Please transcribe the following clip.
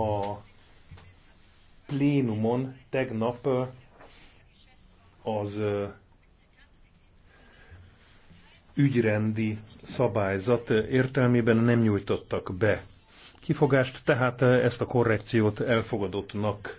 a plénumon tegnap az ügyrendi szabályzat értelmében nem nyújtottak be kifogást, tehát ezt a korrekciót elfogadottnak